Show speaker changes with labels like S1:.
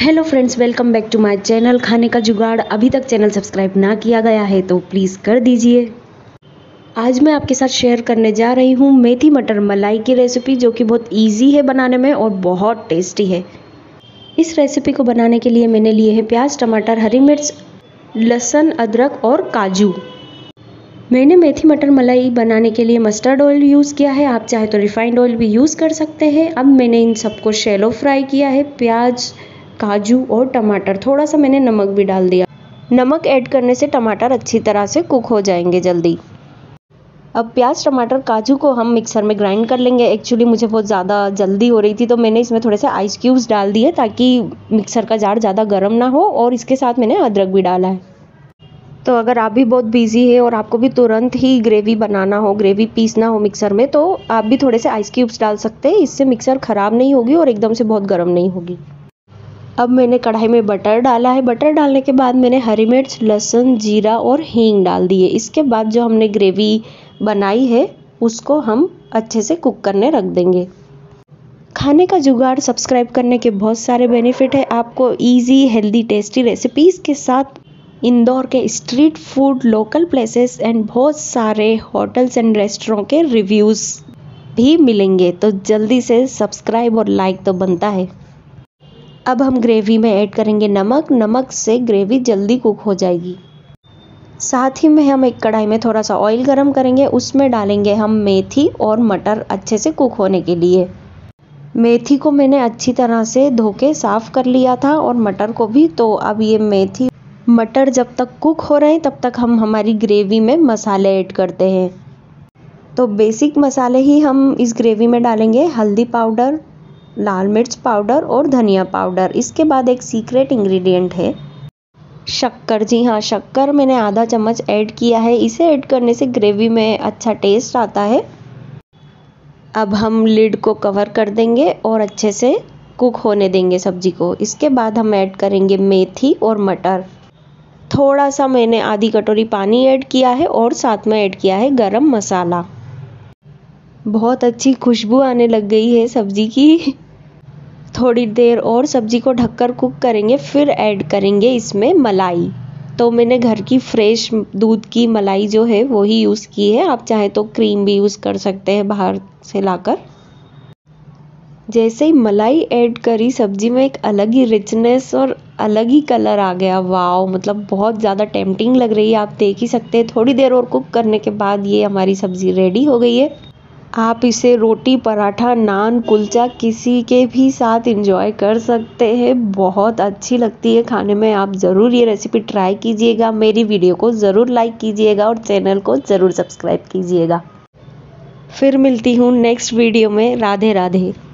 S1: hello friends welcome back to my channel Khane Ka Jugaad अभी तक channel subscribe ना किया गया है तो प्लीज़ कर दीजिए आज मैं आपके साथ शेयर करने जा रही हूँ मेथी मटर मलाई की रेसिपी जो कि बहुत इजी है बनाने में और बहुत टेस्टी है इस रेसिपी को बनाने के लिए मैंने लिए हैं प्याज टमाटर हरी मिर्च लहसुन अदरक और काजू मैंने मेथी मटर मलाई बनाने के लिए मस्टर्ड ऑयल यूज़ किया है आप चाहे तो रिफाइंड ऑयल भी यूज़ कर सकते हैं अब मैंने इन सबको शेलो फ्राई किया है प्याज काजू और टमाटर थोड़ा सा मैंने नमक भी डाल दिया नमक ऐड करने से टमाटर अच्छी तरह से कुक हो जाएंगे जल्दी अब प्याज टमाटर काजू को हम मिक्सर में ग्राइंड कर लेंगे एक्चुअली मुझे बहुत ज़्यादा जल्दी हो रही थी तो मैंने इसमें थोड़े से आइस क्यूब्स डाल दिए ताकि मिक्सर का जार ज़्यादा गर्म ना हो और इसके साथ मैंने अदरक भी डाला है तो अगर आप भी बहुत बिजी है और आपको भी तुरंत ही ग्रेवी बनाना हो ग्रेवी पीसना हो मिक्सर में तो आप भी थोड़े से आइस क्यूब्स डाल सकते हैं इससे मिक्सर ख़राब नहीं होगी और एकदम से बहुत गर्म नहीं होगी अब मैंने कढ़ाई में बटर डाला है बटर डालने के बाद मैंने हरी मिर्च लहसुन जीरा और हींग डाल दिए इसके बाद जो हमने ग्रेवी बनाई है उसको हम अच्छे से कुक करने रख देंगे खाने का जुगाड़ सब्सक्राइब करने के बहुत सारे बेनिफिट है आपको इजी हेल्दी टेस्टी रेसिपीज़ के साथ इंदौर के street food local places and बहुत सारे होटल्स एंड रेस्टोरों के रिव्यूज़ भी मिलेंगे तो जल्दी से सब्सक्राइब और लाइक तो बनता है अब हम ग्रेवी में ऐड करेंगे नमक नमक से ग्रेवी जल्दी कुक हो जाएगी साथ ही में हम एक कढ़ाई में थोड़ा सा ऑयल गरम करेंगे उसमें डालेंगे हम मेथी और मटर अच्छे से कुक होने के लिए मेथी को मैंने अच्छी तरह से धो के साफ़ कर लिया था और मटर को भी तो अब ये मेथी मटर जब तक कुक हो रहे हैं तब तक हम हमारी ग्रेवी में मसाले ऐड करते हैं तो बेसिक मसाले ही हम इस ग्रेवी में डालेंगे हल्दी पाउडर लाल मिर्च पाउडर और धनिया पाउडर इसके बाद एक सीक्रेट इंग्रेडिएंट है शक्कर जी हाँ शक्कर मैंने आधा चम्मच ऐड किया है इसे ऐड करने से ग्रेवी में अच्छा टेस्ट आता है अब हम लिड को कवर कर देंगे और अच्छे से कुक होने देंगे सब्जी को इसके बाद हम ऐड करेंगे मेथी और मटर थोड़ा सा मैंने आधी कटोरी पानी ऐड किया है और साथ में ऐड किया है गरम मसाला बहुत अच्छी खुशबू आने लग गई है सब्ज़ी की थोड़ी देर और सब्ज़ी को ढककर कुक करेंगे फिर ऐड करेंगे इसमें मलाई तो मैंने घर की फ़्रेश दूध की मलाई जो है वो ही यूज़ की है आप चाहे तो क्रीम भी यूज़ कर सकते हैं बाहर से लाकर जैसे ही मलाई ऐड करी सब्ज़ी में एक अलग ही रिचनेस और अलग ही कलर आ गया वाओ मतलब बहुत ज़्यादा टेम्पटिंग लग रही है आप देख ही सकते हैं थोड़ी देर और कुक करने के बाद ये हमारी सब्ज़ी रेडी हो गई है आप इसे रोटी पराठा नान कुलचा किसी के भी साथ इंजॉय कर सकते हैं बहुत अच्छी लगती है खाने में आप ज़रूर ये रेसिपी ट्राई कीजिएगा मेरी वीडियो को ज़रूर लाइक कीजिएगा और चैनल को ज़रूर सब्सक्राइब कीजिएगा फिर मिलती हूँ नेक्स्ट वीडियो में राधे राधे